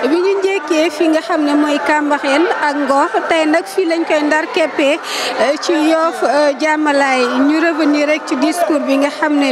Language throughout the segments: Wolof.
bi ñu njëkkee fi nga xam ne mooy Kambarène ak Ngor tey nag fii lañ koy ndar keppee eh, ci Yoff eh, Diamalaye ñu revenir rek ci discours bi nga xam ne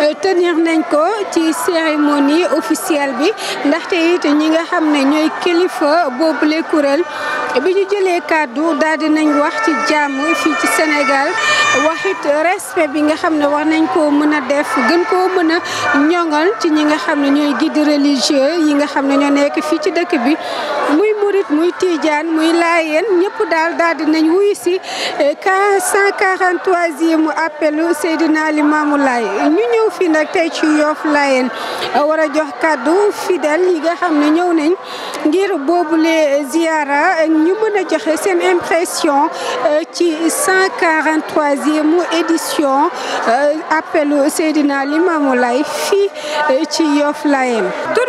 Euh, tenir nañ ko ci cérémonie officielle bi ndaxte it ñi nga xam ne ñooy kilifa boobule kuréel bi ñu jëlee kàddu daldi nañ wax ci jàmm fii ci Sénégal waxit respect bi nga xam ne war nañ ko mën a def gën koo mën a ñoŋal ci ñi nga xam ne ñooy guide religieux yi nga xam ne ñoo nekk fii ci dëkk bi muy murit muy tiijaan muy laayeen ñëpp daal daal dinañ wuyu si eh, cent quarante-troisième appelu Seydina Limaamu Laay ñu ñëw fii nag tey ci Yoff Laayeen eh, war a jox kàddu fidèle yi nga xam ne ñëw nañ ngir boobule ziara eh, ñu mën a joxe seen impression ci cent quarante-troisième édition appelu Seydina Limaamu Laay fii ci Yoff Laayeen tur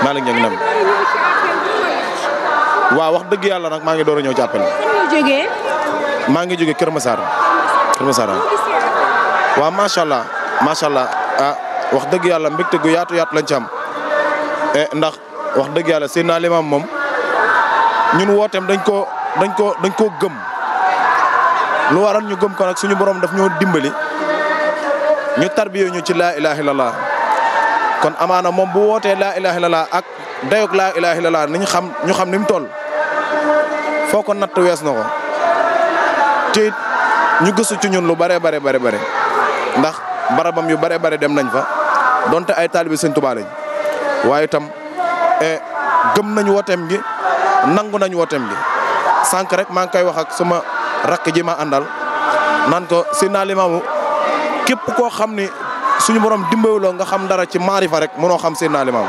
Malick Niang nam waaw wax dëgg yàlla nag maa ngi door a ñëw ci appel maa ngi jógee Kër Massar Kër Massar ah. waaw macha allah macha allah ah wax dëgg yàlla mbégte gu yaatu yaat lañ ci am eh, ndax wax dëgg yàlla seen naa limaam moom ñun wooteem dañ koo dañ koo dañ koo gëm lu waral ñu gëm ko nag suñu borom daf ñoo dimbali ñu tarbiyee ñu ci laa ilaha illallah kon amaana moom bu wootee laa ilaha illallah ak dayog laa ilaha illallah ni xam ñu xam ni mu toll foo ko natt wees na ko te ñu gëstu ci ñun lu bare bare bare bare ndax barabam yu bare bare dem nañ fa donte ay taalibi sëñ Tuubaa lañ waaye itam e, gëm nañ wooteem gi nangu nañ wooteem gi sànq rek maa ngi koy wax ak sama rakk ji ma àndal ko si naa limaamu képp xam ni suñu borom loo nga xam dara ci maarifa rek mënoo xam seen Seydina Limaamu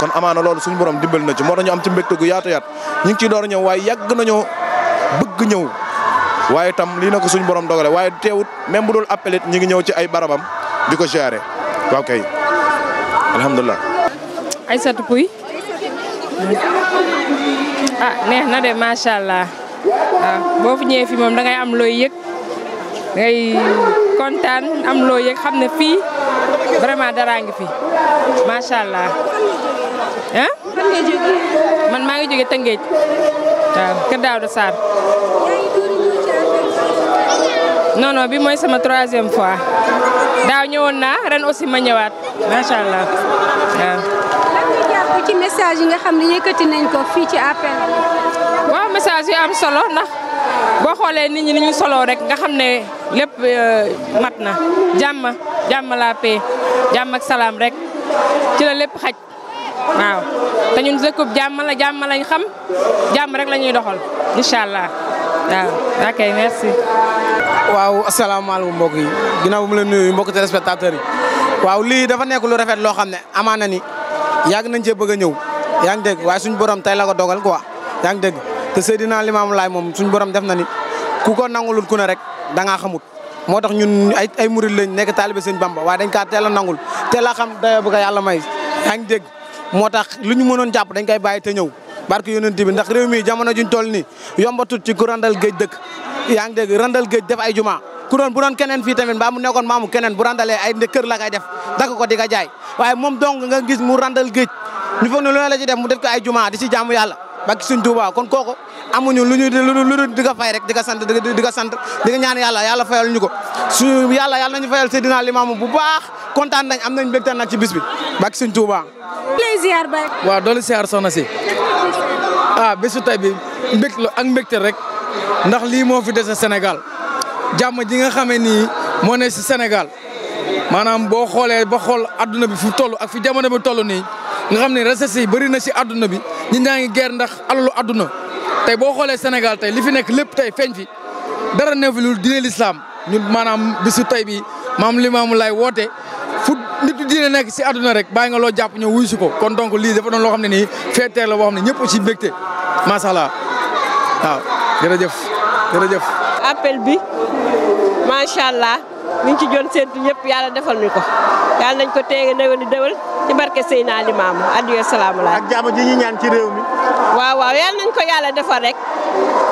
kon amaana loolu suñu borom dimbal na ci moo tax ñu am ci mbégte gu yaatu yaat ñu ngi ciy door ñëw waaye yàgg nañoo bëgg ñëw waaye tam lii na ko suñu borom dogale waaye teewut même bu dul appelit ñu gi ñëw ci ay barabam di ko gérer waaw kay alhamdulilah. Aïssatou Pouy ah neex de macha allah ah, boo fi ñëwee moom dangay am looy yëg ngay. kontaan am loo yëg xam ne fii vraiment daraa ngi fi macha allah ah. man maa ngi jóge Tëngéej waaw kër Daouda Sarr. non bi mooy sama troisième fois daaw ñëwoon naa ren aussi ma ñëwaat macha allah waaw. ci message yi nga xam ne yëkkati nañ ko fii ci appel. waaw message yu am solo ndax. boo xoolee nit ñi ni ñu soloo rek nga xam ne lépp euh, mat na jàmm jàmm la paix jàmm ak salaam rek ci la lépp xaj waaw te ñun dëkkub jàmm la jàmm lañ xam jàmm rek la ñuy doxal incha allah waaw ok merci. waaw asalaamaaleykum mbokk yi ginnaaw bu mu la nuyu mbokk téléspectateurs yi waaw lii dafa nekk lu rafet loo xam ne amaana ni yàgg nañ cee bëgg a ñëw yaa ngi dégg waaye suñu borom tey la ko dogal quoi yaa ngi dégg. te Seydina Limaamu Laay moom suñu borom def na ni ku ko nangulul ku ne rek da xamut moo tax ñun ay ay murid lañ nekk taalibe sëñ Bamba waaye dañ kaa teel a nangul teel a xam dayoo bu ko yàlla may yaa ngi dégg moo tax lu ñu mënoon jàpp dañ koy bàyyi te ñëw barke yonent bi ndax réew mi jamono juñ toll nii yombatut ci ku randal géej dëkk yaa ngi dégg randal géej def ay juma ku doon bu doon keneen fii tamit ba mu nekkoon maamu keneen bu randalee ay kër la koy def dakk k di ko jaay waaye moom dong nga gis mu randal géej la ci def mu def ko ay juma di ci jaamu yàlla bak suñ Tuubaa kon kooku amuñu lu ñu lu ñu di ko fay rek di ko sant di di ko sant di nga ñaan yàlla yàlla fayal ñu ko suñu yàlla yàlla nañu fayal Seydina Limaamu bu baax kontaan nañ am nañ mbégte nag ci bis bi bak suñ Tuubaa waa ziar ba waaw doolu ziar soxna si ah bisu tay bi mbégte la ak mbégte rek ndax lii moo fi dese Sénégal jàmm ji nga xamee nii moo ne si Sénégal maanaam boo xoolee ba xool adduna bi fu toll ak fu jamono bi toll nii nga xam ne recette yi bëri na si adduna bi ñi ñaa ngi guerre ndax alalu àdduna tey boo xoolee Sénégal tey li fi nekk lépp tey feeñ fi dara neew fi diine lislaam ñun maanaam bisu tey bi maam limaamu lay woote fu nit diine nekk si àdduna rek baa nga loo jàpp ñëw wuy si ko kon donc lii dafa doon loo xam ne nii feeteer la boo xam ne ñëpp ci mbégte macha allah waaw jërëjëf jëf appel bi macha mi ngi ci doon séntu ñëpp yàlla defal ñu ko yàlla nañ ko téye néew ni déwal ci barke Seydina Limaamu adieu salaamaaleykum. ak jàmm ji ñu ñaan ci réew mi. waaw waaw yàlla nañ ko yàlla defal rek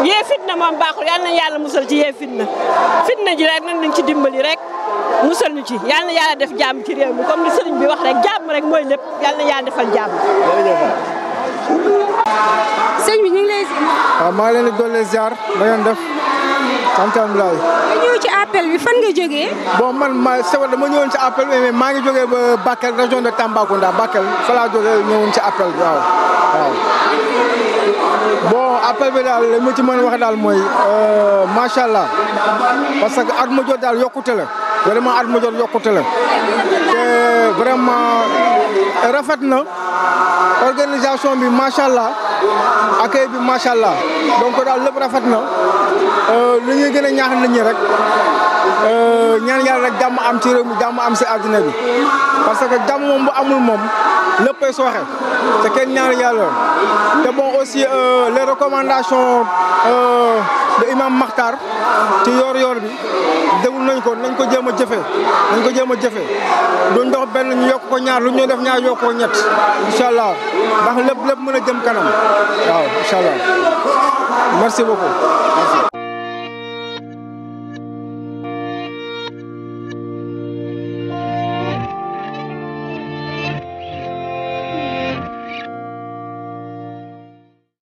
yee fitna moom baaxul yàlla nañ yàlla musal ci yee fitna fitna ji rek nañ ci dimbali rek. musal ñu ci yal na yàlla def jàmm ci réew mi comme ni sëriñ bi wax rek jàmm rek mooy lépp yal na yàlla defal jàmm. sëñ bi ñu ngi lay. waaw maa leen di Kankaam Laay. e ñëw ci appel bi fan nga bon man ma sewal dama ñëwoon ci appel bi maa ngi jóge ba Bakel région de Tambacounda Bakel fa laa jógee ñëwoon ci appel bi waaw waaw. bon appel bi daal li ma ci mën a wax daal mooy euh, macha allah parce que at ma daal yokkute la vraiment at ma jot yokkute rafet na. organisation bi macha allah accueil bi macha allah donc daal lépp rafet na euh, lu ñuy gën a ñaax nit ñi rek euh, ñaan yàlla rek jàmm am ci réew mi jàmm am si àddina bi parce que jàmm moom bu amul moom. léppay sooxe te kenn ñaanu yàlla te bon aussi euh, les recommandations euh, de Imam Makhtar ci yoor-yoor bi déglu nañ ko nañ ko jéem a jëfee nañ ko jéem a jëfee duñ dox benn ñu yokk ko ñaar lu ñu def ñaar yokk ko ñett incha allah ndax lépp lépp mën a jëm kanam waaw incha allah merci beaucoup